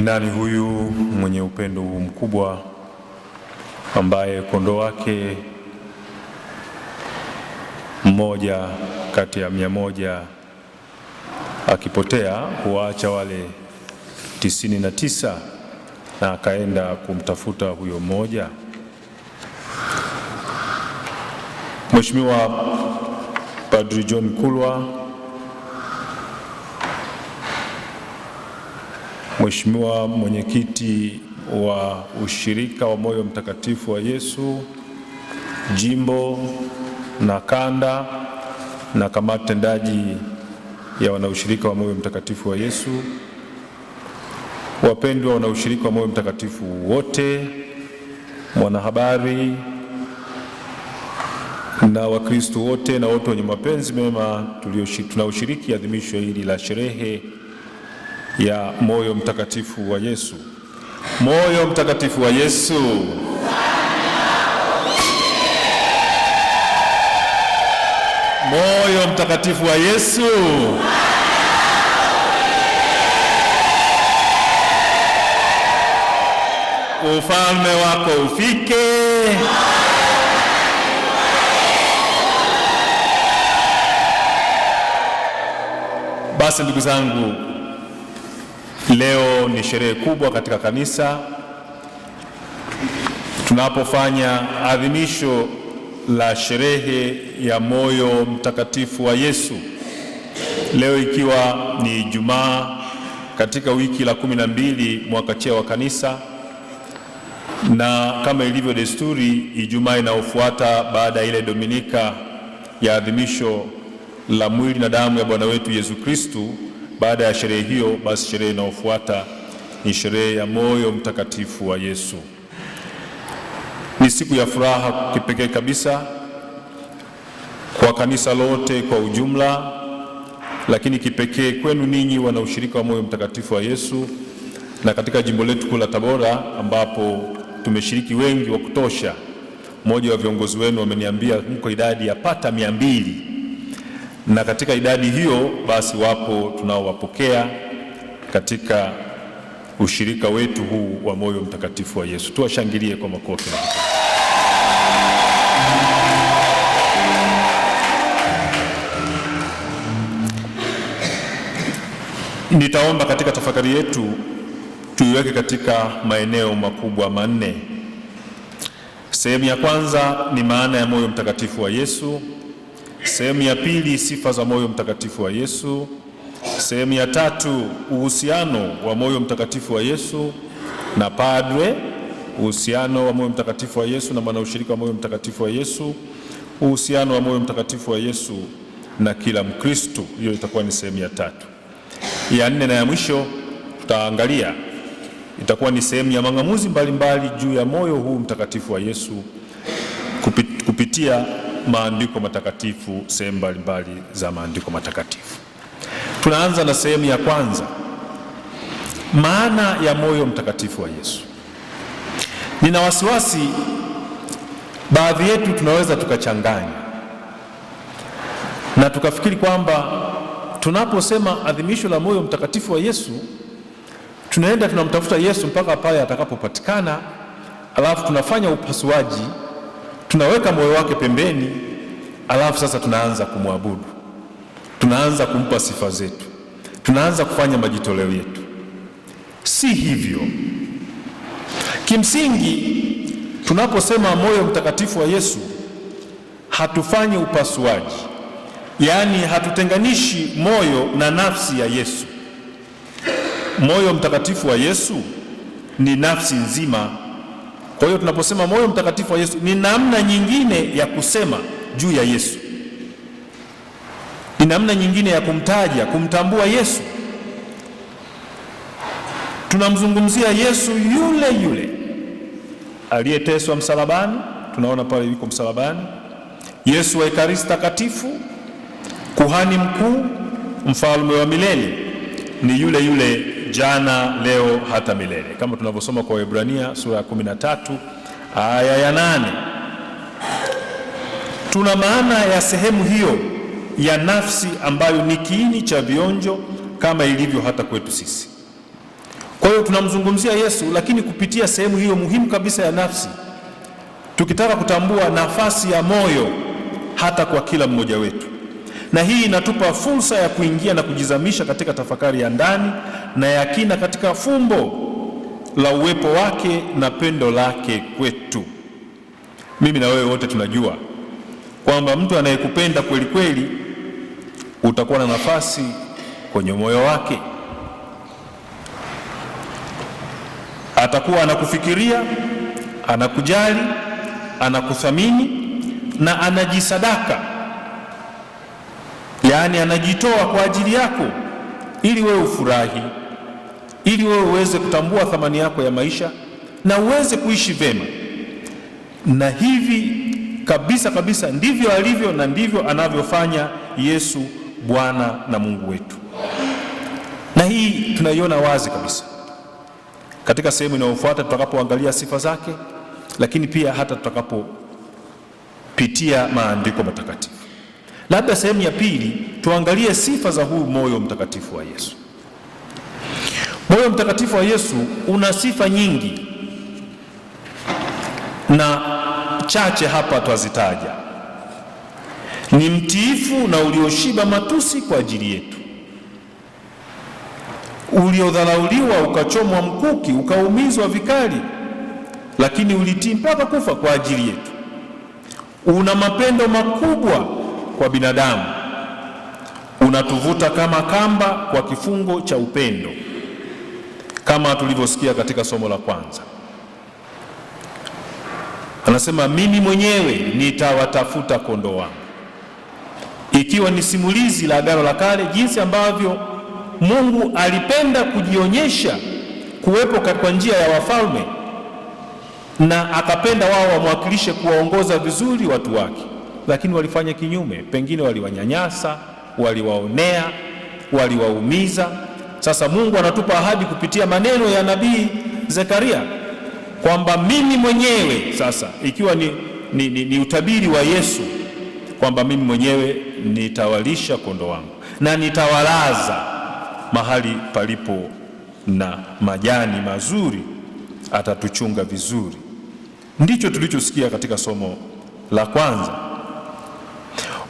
Ni nani huyu mwenye upendo huu mkubwa ambaye kondoo wake mmoja kati ya mia moja akipotea huwaacha wale tisini na tisa na akaenda kumtafuta huyo mmoja? Mheshimiwa Padri John Kulwa Mheshimiwa mwenyekiti wa ushirika wa moyo mtakatifu wa Yesu jimbo na kanda na kamati tendaji ya wanaushirika wa moyo mtakatifu wa Yesu, wapendwa wanaushirika wa moyo mtakatifu wote, mwanahabari na Wakristo wote na wote wenye mapenzi mema tunaoshiriki adhimisho hili la sherehe ya moyo mtakatifu wa Yesu. Moyo mtakatifu wa Yesu. Moyo mtakatifu wa Yesu. Ufalme wako ufike. Basi ndugu zangu Leo ni sherehe kubwa katika kanisa tunapofanya adhimisho la sherehe ya moyo mtakatifu wa Yesu, leo ikiwa ni Ijumaa katika wiki la kumi na mbili mwaka C wa kanisa, na kama ilivyo desturi, Ijumaa inayofuata baada ya ile Dominika ya adhimisho la mwili na damu ya Bwana wetu Yesu Kristu baada ya sherehe hiyo, basi sherehe inayofuata ni sherehe ya moyo mtakatifu wa Yesu. Ni siku ya furaha kipekee kabisa kwa kanisa lote kwa ujumla, lakini kipekee kwenu ninyi wana ushirika wa moyo mtakatifu wa Yesu na katika jimbo letu kuu la Tabora ambapo tumeshiriki wengi wa kutosha. Mmoja wa viongozi wenu ameniambia mko idadi ya pata mia mbili na katika idadi hiyo basi wapo tunaowapokea katika ushirika wetu huu wa moyo mtakatifu wa Yesu. Tuwashangilie kwa makofi. Nitaomba katika tafakari yetu tuiweke katika maeneo makubwa manne. Sehemu ya kwanza ni maana ya moyo mtakatifu wa Yesu. Sehemu ya pili, sifa za moyo mtakatifu wa Yesu. Sehemu ya tatu, uhusiano wa moyo mtakatifu wa Yesu na padre, uhusiano wa moyo mtakatifu wa Yesu na mwanaushirika wa moyo mtakatifu wa Yesu, uhusiano wa moyo mtakatifu wa Yesu na kila Mkristu. Hiyo itakuwa ni sehemu ya tatu. Ya nne na ya mwisho tutaangalia itakuwa ni sehemu ya mang'amuzi mbalimbali juu ya moyo huu mtakatifu wa Yesu kupitia maandiko matakatifu sehemu mbalimbali za maandiko matakatifu. Tunaanza na sehemu ya kwanza, maana ya moyo mtakatifu wa Yesu. Nina wasiwasi baadhi yetu tunaweza tukachanganya na tukafikiri kwamba tunaposema adhimisho la moyo mtakatifu wa Yesu tunaenda tunamtafuta Yesu mpaka pale atakapopatikana, alafu tunafanya upasuaji tunaweka moyo wake pembeni, alafu sasa tunaanza kumwabudu, tunaanza kumpa sifa zetu, tunaanza kufanya majitoleo yetu. Si hivyo. Kimsingi, tunaposema moyo mtakatifu wa Yesu, hatufanyi upasuaji, yaani hatutenganishi moyo na nafsi ya Yesu. Moyo mtakatifu wa Yesu ni nafsi nzima. Kwa hiyo tunaposema moyo mtakatifu wa Yesu ni namna nyingine ya kusema juu ya Yesu, ni namna nyingine ya kumtaja, kumtambua Yesu. Tunamzungumzia Yesu yule yule aliyeteswa msalabani, tunaona pale yuko msalabani, Yesu wa Ekaristi Takatifu, kuhani mkuu, mfalme wa milele, ni yule yule jana, leo, hata milele, kama tunavyosoma kwa Waebrania sura ya 13 aya ya 8. Tuna maana ya sehemu hiyo ya nafsi ambayo ni kiini cha vionjo kama ilivyo hata kwetu sisi. Kwa hiyo tunamzungumzia Yesu, lakini kupitia sehemu hiyo muhimu kabisa ya nafsi, tukitaka kutambua nafasi ya moyo hata kwa kila mmoja wetu na hii inatupa fursa ya kuingia na kujizamisha katika tafakari ya ndani na ya kina katika fumbo la uwepo wake na pendo lake kwetu. Mimi na wewe wote tunajua kwamba mtu anayekupenda kweli kweli utakuwa na nafasi kwenye moyo wake, atakuwa anakufikiria, anakujali, anakuthamini na anajisadaka yaani anajitoa kwa ajili yako ili wewe ufurahi, ili wewe uweze kutambua thamani yako ya maisha na uweze kuishi vema. Na hivi kabisa kabisa ndivyo alivyo na ndivyo anavyofanya Yesu Bwana na Mungu wetu, na hii tunaiona wazi kabisa katika sehemu inayofuata tutakapoangalia sifa zake, lakini pia hata tutakapopitia maandiko matakatifu. Labda sehemu ya pili tuangalie sifa za huu moyo mtakatifu wa Yesu. Moyo mtakatifu wa Yesu una sifa nyingi na chache hapa twazitaja. Ni mtiifu na ulioshiba matusi kwa ajili yetu, uliodharauliwa ukachomwa mkuki, ukaumizwa vikali, lakini ulitii mpaka kufa kwa ajili yetu. Una mapendo makubwa kwa binadamu unatuvuta kama kamba kwa kifungo cha upendo, kama tulivyosikia katika somo la kwanza. Anasema mimi mwenyewe nitawatafuta kondoo wangu, ikiwa ni simulizi la Agano la Kale, jinsi ambavyo Mungu alipenda kujionyesha kuwepo kwa njia ya wafalme na akapenda wao wamwakilishe kuwaongoza vizuri watu wake lakini walifanya kinyume, pengine waliwanyanyasa, waliwaonea, waliwaumiza. Sasa Mungu anatupa ahadi kupitia maneno ya nabii Zekaria kwamba mimi mwenyewe sasa, ikiwa ni, ni, ni, ni utabiri wa Yesu kwamba mimi mwenyewe nitawalisha kondoo wangu na nitawalaza mahali palipo na majani mazuri, atatuchunga vizuri. Ndicho tulichosikia katika somo la kwanza.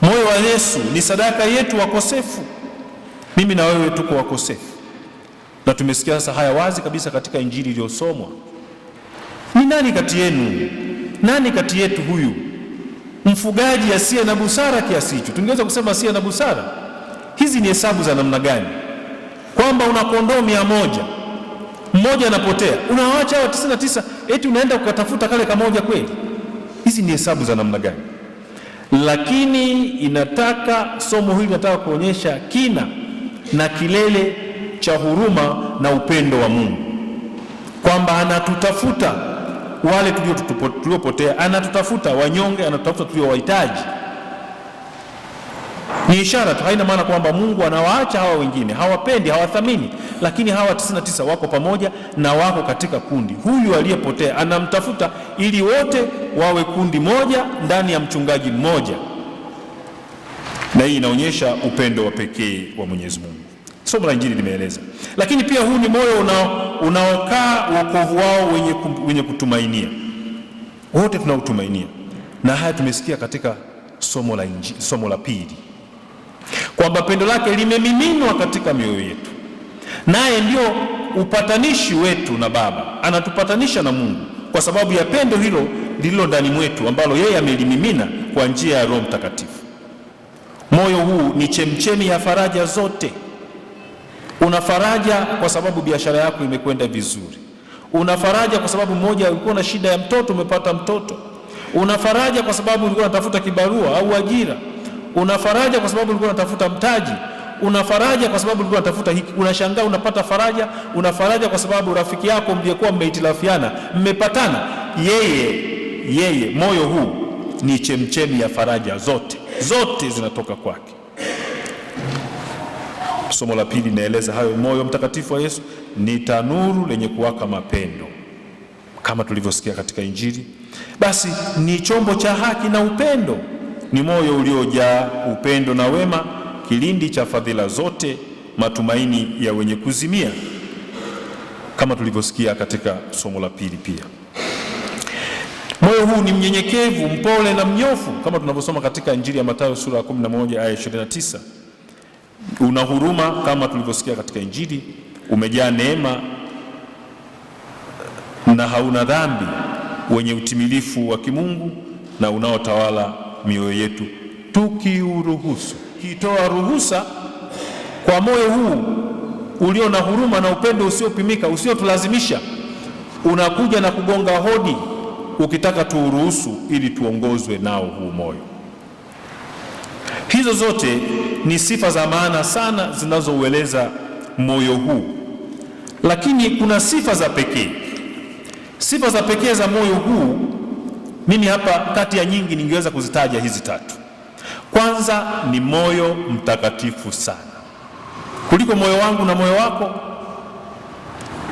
Moyo wa Yesu ni sadaka yetu wakosefu. Mimi na wewe tuko wakosefu, na tumesikia sasa haya wazi kabisa katika injili iliyosomwa. Ni nani kati yenu, nani kati yetu huyu mfugaji asiye na busara kiasi hicho? Tungeweza kusema asiye na busara. Hizi ni hesabu za namna gani? Kwamba una kondoo mia moja, mmoja anapotea, unawaacha hao 99 eti unaenda ukatafuta kale kamoja? Kweli hizi ni hesabu za namna gani? lakini inataka somo hili linataka kuonyesha kina na kilele cha huruma na upendo wa Mungu, kwamba anatutafuta wale tuliopotea, anatutafuta wanyonge, anatutafuta tuliowahitaji ni ishara tu, haina maana kwamba Mungu anawaacha hawa wengine, hawapendi, hawathamini. Lakini hawa 99 wako pamoja na wako katika kundi. Huyu aliyepotea anamtafuta ili wote wawe kundi moja ndani ya mchungaji mmoja, na hii inaonyesha upendo wa pekee wa Mwenyezi Mungu. Somo la Injili limeeleza, lakini pia huu ni moyo unaokaa wokovu wao wenye, wenye kutumainia. Wote tunautumainia, na haya tumesikia katika somo la Injili, somo la pili kwamba pendo lake limemiminwa katika mioyo yetu, naye ndio upatanishi wetu na Baba. Anatupatanisha na Mungu kwa sababu ya pendo hilo lililo ndani mwetu ambalo yeye amelimimina kwa njia ya Roho Mtakatifu. Moyo huu ni chemchemi ya faraja zote. Una faraja kwa sababu biashara yako imekwenda vizuri. Una faraja kwa sababu mmoja, ulikuwa na shida ya mtoto, umepata mtoto. Una faraja kwa sababu ulikuwa unatafuta kibarua au ajira una faraja kwa sababu ulikuwa unatafuta mtaji, una faraja kwa sababu ulikuwa unatafuta hiki. Unashangaa unapata faraja, una faraja kwa sababu rafiki yako mliyekuwa mmehitilafiana mmepatana. Yeye yeye, moyo huu ni chemchemi ya faraja, zote zote zinatoka kwake. Somo la pili linaeleza hayo, moyo mtakatifu wa Yesu ni tanuru lenye kuwaka mapendo, kama tulivyosikia katika Injili. Basi ni chombo cha haki na upendo ni moyo uliojaa upendo na wema, kilindi cha fadhila zote, matumaini ya wenye kuzimia, kama tulivyosikia katika somo la pili. Pia moyo huu ni mnyenyekevu, mpole na mnyofu, kama tunavyosoma katika Injili ya Mathayo sura ya 11 aya 29. Una huruma kama tulivyosikia katika Injili, umejaa neema na hauna dhambi, wenye utimilifu wa kimungu na unaotawala mioyo yetu, tukiuruhusu kitoa ruhusa kwa moyo huu ulio na huruma na upendo usiopimika usiotulazimisha, unakuja na kugonga hodi ukitaka tuuruhusu, ili tuongozwe nao huu moyo. Hizo zote ni sifa za maana sana zinazoueleza moyo huu, lakini kuna sifa za pekee, sifa za pekee za moyo huu mimi hapa kati ya nyingi ningeweza kuzitaja hizi tatu. Kwanza ni moyo mtakatifu sana kuliko moyo wangu na moyo wako.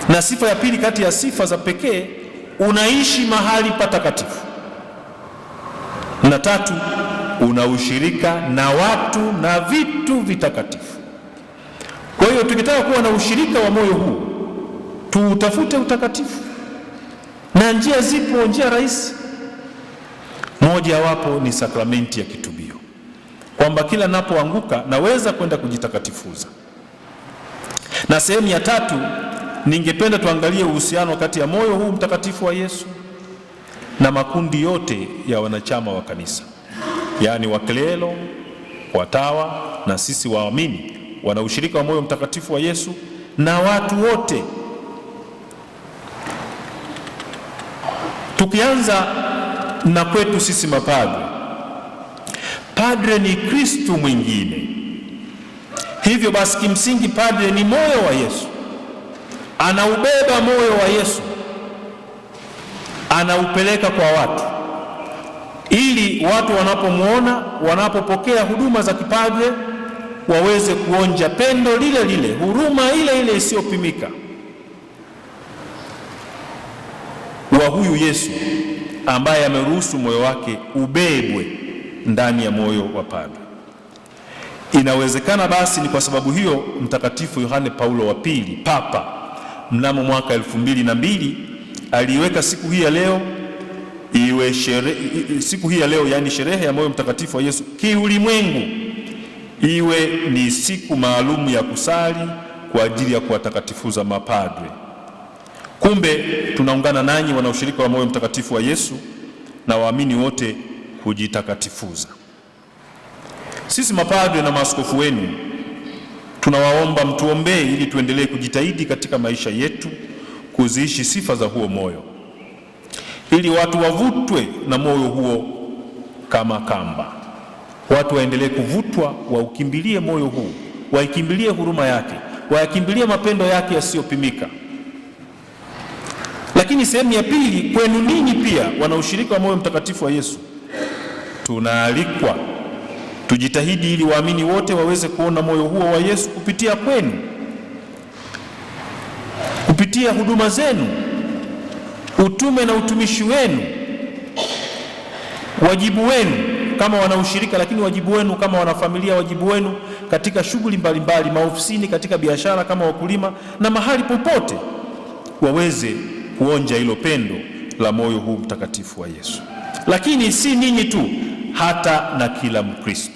Na sifa ya pili kati ya sifa za pekee, unaishi mahali patakatifu. Na tatu, una ushirika na watu na vitu vitakatifu. Kwa hiyo tukitaka kuwa na ushirika wa moyo huu, tuutafute utakatifu, na njia zipo, njia rahisi moja wapo ni sakramenti ya kitubio, kwamba kila napoanguka naweza kwenda kujitakatifuza. Na sehemu ya tatu, ningependa tuangalie uhusiano kati ya moyo huu mtakatifu wa Yesu na makundi yote ya wanachama wa kanisa, yaani waklelo, watawa na sisi waamini wana ushirika wa moyo mtakatifu wa Yesu na watu wote tukianza na kwetu sisi mapadre, padre ni Kristu mwingine. Hivyo basi, kimsingi padre ni moyo wa Yesu, anaubeba moyo wa Yesu, anaupeleka kwa watu, ili watu wanapomwona, wanapopokea huduma za kipadre waweze kuonja pendo lile lile, huruma ile ile isiyopimika wa huyu Yesu ambaye ameruhusu moyo wake ubebwe ndani ya moyo wa padri. Inawezekana basi ni kwa sababu hiyo Mtakatifu Yohane Paulo wa Pili, Papa, mnamo mwaka elfu mbili na mbili aliiweka siku hii ya leo iwe shere, siku hii ya leo yaani sherehe ya moyo mtakatifu wa Yesu kiulimwengu iwe ni siku maalum ya kusali kwa ajili ya kuwatakatifuza mapadre. Kumbe tunaungana nanyi wana ushirika wa moyo mtakatifu wa Yesu na waamini wote kujitakatifuza. Sisi mapadre na maaskofu wenu tunawaomba mtuombee, ili tuendelee kujitahidi katika maisha yetu kuziishi sifa za huo moyo, ili watu wavutwe na moyo huo kama kamba. Watu waendelee kuvutwa, waukimbilie moyo huu, waikimbilie huruma yake, wayakimbilie mapendo yake yasiyopimika. Lakini sehemu ya pili, kwenu ninyi pia wana ushirika wa moyo mtakatifu wa Yesu, tunaalikwa tujitahidi ili waamini wote waweze kuona moyo huo wa Yesu kupitia kwenu, kupitia huduma zenu, utume na utumishi wenu, wajibu wenu kama wanaushirika, lakini wajibu wenu kama wanafamilia, wajibu wenu katika shughuli mbalimbali, maofisini, katika biashara, kama wakulima na mahali popote waweze kuonja hilo pendo la moyo huu mtakatifu wa Yesu. Lakini si ninyi tu, hata na kila Mkristo,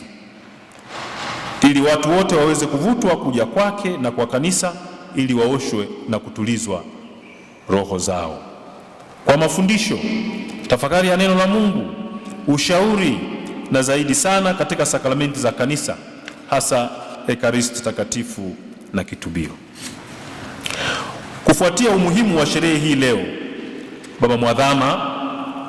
ili watu wote waweze kuvutwa kuja kwake na kwa kanisa, ili waoshwe na kutulizwa roho zao kwa mafundisho, tafakari ya neno la Mungu, ushauri na zaidi sana katika sakramenti za kanisa, hasa Ekaristi takatifu na kitubio. Kufuatia umuhimu wa sherehe hii leo, Baba Mwadhama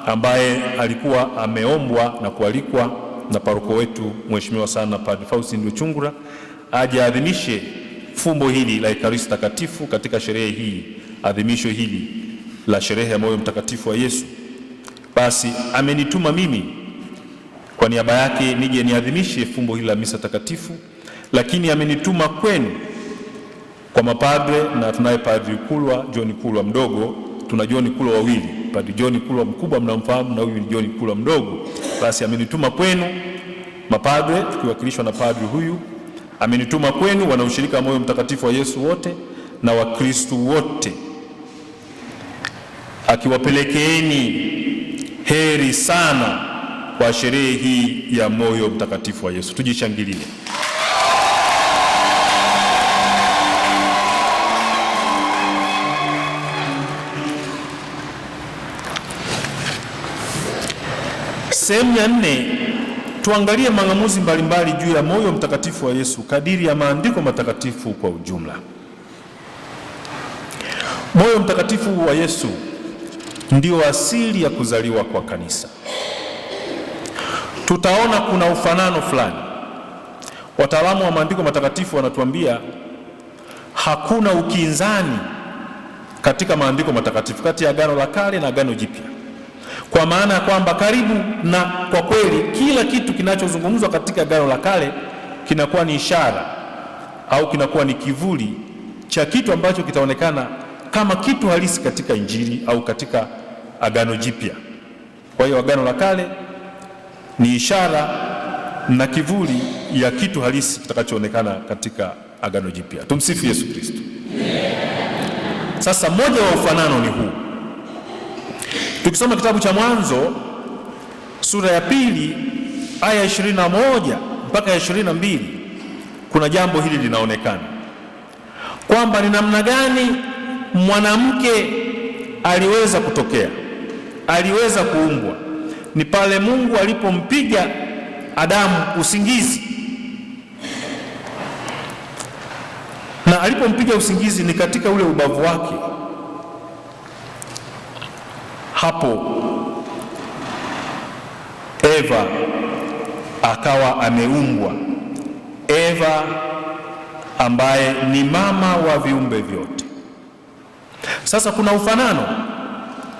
ambaye alikuwa ameombwa na kualikwa na paroko wetu mheshimiwa sana Padre Faustin Luchungura aje aadhimishe fumbo hili la Ekaristi Takatifu katika sherehe hii, adhimisho hili la sherehe ya moyo mtakatifu wa Yesu, basi amenituma mimi kwa niaba yake nije niadhimishe fumbo hili la misa takatifu, lakini amenituma kwenu kwa mapadre na tunaye padri Kulwa John Kulwa mdogo, tuna John Kulwa wawili, padri John Kulwa mkubwa mnamfahamu, na huyu ni John Kulwa mdogo. Basi amenituma kwenu mapadre, tukiwakilishwa na padri huyu, amenituma kwenu ushirika moyo mtakatifu wa Yesu wote na Wakristu wote, akiwapelekeeni heri sana kwa sherehe hii ya moyo mtakatifu wa Yesu. Tujishangilie. Sehemu ya nne, tuangalie mang'amuzi mbalimbali juu ya moyo mtakatifu wa Yesu kadiri ya maandiko matakatifu kwa ujumla. Moyo mtakatifu wa Yesu ndio asili ya kuzaliwa kwa kanisa. Tutaona kuna ufanano fulani. Wataalamu wa maandiko matakatifu wanatuambia hakuna ukinzani katika maandiko matakatifu kati ya Agano la Kale na Agano Jipya kwa maana ya kwamba karibu na kwa kweli kila kitu kinachozungumzwa katika Agano la Kale kinakuwa ni ishara au kinakuwa ni kivuli cha kitu ambacho kitaonekana kama kitu halisi katika Injili au katika Agano Jipya. Kwa hiyo Agano la Kale ni ishara na kivuli ya kitu halisi kitakachoonekana katika Agano Jipya. Tumsifu Yesu Kristo. Sasa, moja wa ufanano ni huu Tukisoma kitabu cha Mwanzo sura ya pili aya 21 mpaka ya 22, kuna jambo hili linaonekana kwamba ni namna gani mwanamke aliweza kutokea, aliweza kuumbwa. Ni pale Mungu alipompiga Adamu usingizi, na alipompiga usingizi ni katika ule ubavu wake hapo Eva akawa ameumbwa, Eva ambaye ni mama wa viumbe vyote. Sasa kuna ufanano,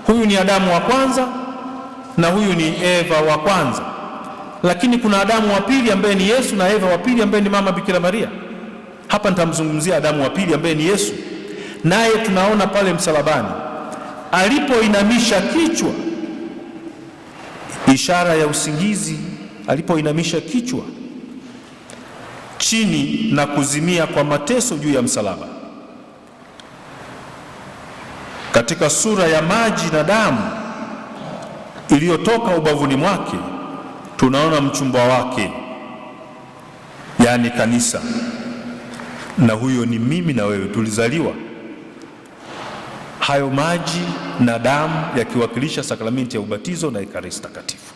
huyu ni Adamu wa kwanza na huyu ni Eva wa kwanza, lakini kuna Adamu wa pili ambaye ni Yesu na Eva wa pili ambaye ni mama Bikira Maria. Hapa nitamzungumzia Adamu wa pili ambaye ni Yesu, naye tunaona pale msalabani alipoinamisha kichwa, ishara ya usingizi, alipoinamisha kichwa chini na kuzimia kwa mateso juu ya msalaba. Katika sura ya maji na damu iliyotoka ubavuni mwake tunaona mchumba wake, yaani kanisa, na huyo ni mimi na wewe, tulizaliwa hayo maji na damu yakiwakilisha sakramenti ya ubatizo na ekaristi takatifu.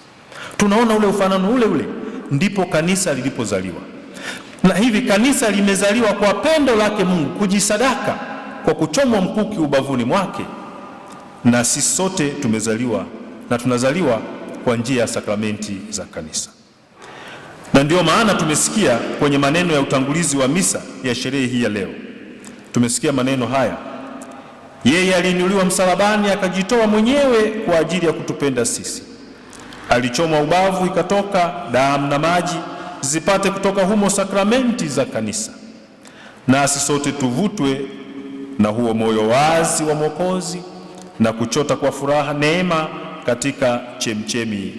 Tunaona ule ufanano ule ule, ndipo kanisa lilipozaliwa. Na hivi kanisa limezaliwa kwa pendo lake Mungu, kujisadaka kwa kuchomwa mkuki ubavuni mwake, na sisi sote tumezaliwa na tunazaliwa kwa njia ya sakramenti za kanisa. Na ndiyo maana tumesikia kwenye maneno ya utangulizi wa misa ya sherehe hii ya leo, tumesikia maneno haya yeye aliinuliwa msalabani akajitoa mwenyewe kwa ajili ya kutupenda sisi. Alichomwa ubavu, ikatoka damu na maji zipate kutoka humo sakramenti za kanisa, nasi sote tuvutwe na huo moyo wazi wa Mwokozi na kuchota kwa furaha neema katika chemchemi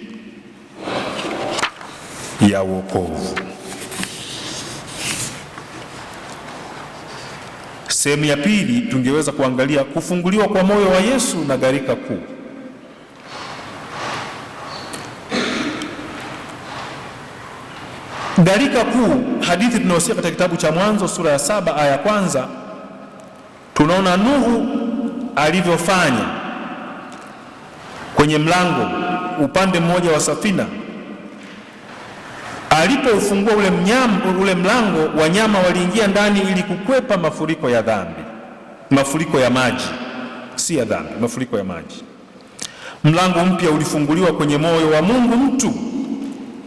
ya wokovu. Sehemu ya pili tungeweza kuangalia kufunguliwa kwa moyo wa Yesu na gharika kuu. Gharika kuu, hadithi tunayosikia katika kitabu cha Mwanzo sura ya saba aya ya kwanza, tunaona Nuhu alivyofanya kwenye mlango upande mmoja wa safina alipoufungua ule mnyama, ule mlango, wanyama waliingia ndani ili kukwepa mafuriko ya dhambi, mafuriko ya maji, si ya dhambi, mafuriko ya maji. Mlango mpya ulifunguliwa kwenye moyo wa Mungu mtu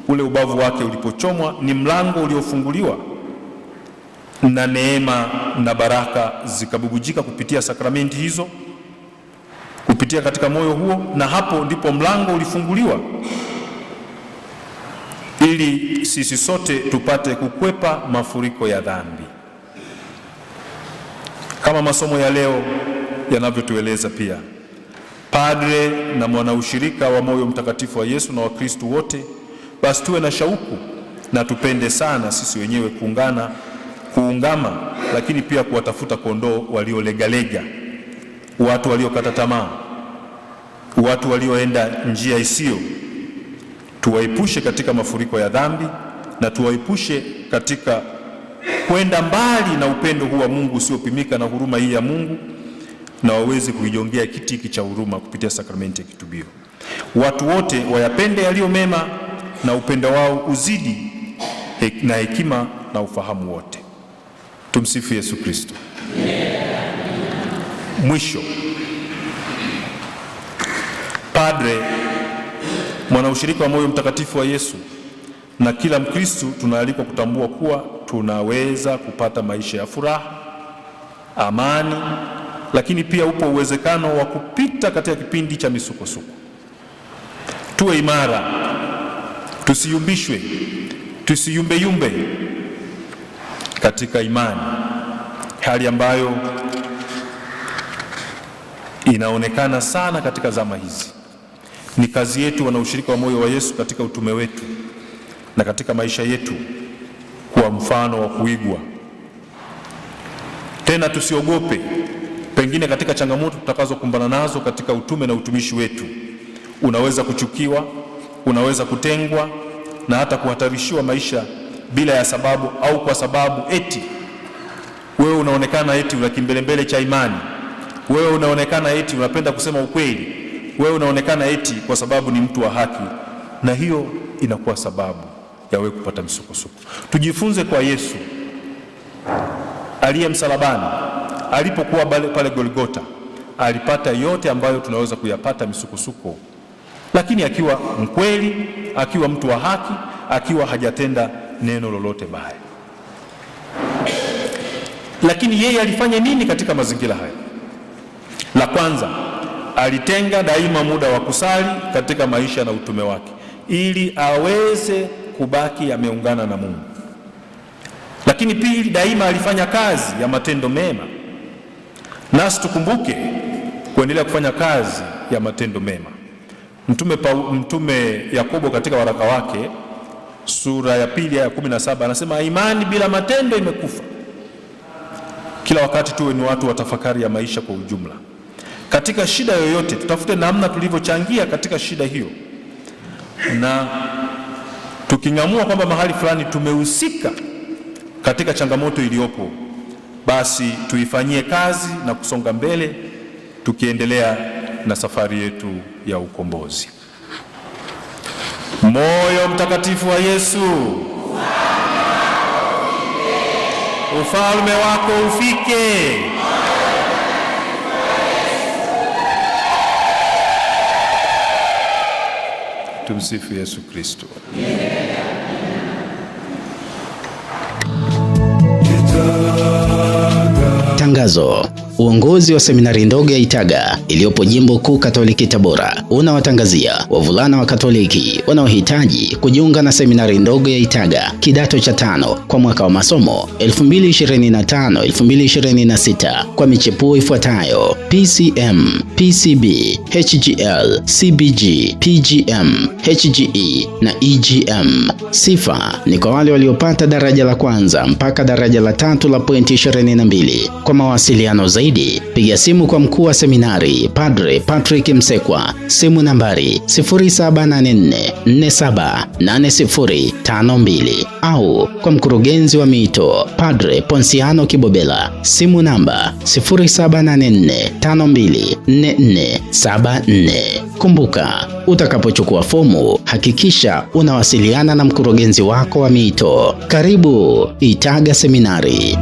ule ubavu wake ulipochomwa. Ni mlango uliofunguliwa na neema na baraka zikabubujika kupitia sakramenti hizo, kupitia katika moyo huo, na hapo ndipo mlango ulifunguliwa ili sisi sote tupate kukwepa mafuriko ya dhambi, kama masomo ya leo yanavyotueleza. Pia padre na mwanaushirika wa moyo mtakatifu wa Yesu na Wakristo wote, basi tuwe na shauku na tupende sana sisi wenyewe kuungana, kuungama, lakini pia kuwatafuta kondoo waliolegalega, watu waliokata tamaa, watu walioenda njia isiyo tuwaepushe katika mafuriko ya dhambi na tuwaepushe katika kwenda mbali na upendo huu wa Mungu usiopimika na huruma hii ya Mungu, na waweze kuijongea kiti hiki cha huruma kupitia sakramenti ya kitubio. Watu wote wayapende yaliyo mema, na upendo wao uzidi na hekima na ufahamu wote. Tumsifu Yesu Kristo. Mwisho, Padre Mwanaushirika wa moyo mtakatifu wa Yesu na kila Mkristo tunaalikwa kutambua kuwa tunaweza kupata maisha ya furaha, amani, lakini pia upo uwezekano wa kupita katika kipindi cha misukosuko. Tuwe imara, tusiyumbishwe, tusiyumbeyumbe katika imani, hali ambayo inaonekana sana katika zama hizi. Ni kazi yetu wana ushirika wa moyo wa Yesu katika utume wetu na katika maisha yetu kuwa mfano wa kuigwa. Tena tusiogope, pengine katika changamoto tutakazokumbana nazo katika utume na utumishi wetu. Unaweza kuchukiwa, unaweza kutengwa na hata kuhatarishiwa maisha bila ya sababu, au kwa sababu eti wewe unaonekana eti una kimbelembele cha imani, wewe unaonekana eti unapenda kusema ukweli wewe unaonekana eti kwa sababu ni mtu wa haki, na hiyo inakuwa sababu ya wewe kupata msukosuko. Tujifunze kwa Yesu aliye msalabani, alipokuwa pale Golgota alipata yote ambayo tunaweza kuyapata misukosuko, lakini akiwa mkweli, akiwa mtu wa haki, akiwa hajatenda neno lolote baya. Lakini yeye alifanya nini katika mazingira haya? La kwanza alitenga daima muda wa kusali katika maisha na utume wake ili aweze kubaki ameungana na Mungu. Lakini pili, daima alifanya kazi ya matendo mema, nasi tukumbuke kuendelea kufanya kazi ya matendo mema. Mtume, Mtume Yakobo katika waraka wake sura ya pili aya ya 17 anasema imani bila matendo imekufa. Kila wakati tuwe ni watu wa tafakari ya maisha kwa ujumla katika shida yoyote, tutafute namna tulivyochangia katika shida hiyo, na tuking'amua kwamba mahali fulani tumehusika katika changamoto iliyopo, basi tuifanyie kazi na kusonga mbele, tukiendelea na safari yetu ya ukombozi. Moyo mtakatifu wa Yesu, ufalme wako ufike Tumsifu Yesu Kristo. Tangazo Uongozi wa seminari ndogo ya Itaga iliyopo Jimbo Kuu Katoliki Tabora unawatangazia wavulana wa Katoliki wanaohitaji kujiunga na seminari ndogo ya Itaga kidato cha tano kwa mwaka wa masomo 2025-2026 kwa michepuo ifuatayo: PCM, PCB, HGL, CBG, PGM, HGE na EGM. Sifa ni kwa wale waliopata daraja la kwanza mpaka daraja la tatu la pointi 22. Kwa mawasiliano zaidi zaidi, piga simu kwa mkuu wa seminari Padre Patrick Msekwa, simu nambari 0784478052 au kwa mkurugenzi wa miito Padre Ponsiano Kibobela, simu namba 0784524474. Kumbuka, utakapochukua fomu hakikisha unawasiliana na mkurugenzi wako wa miito. Karibu Itaga Seminari.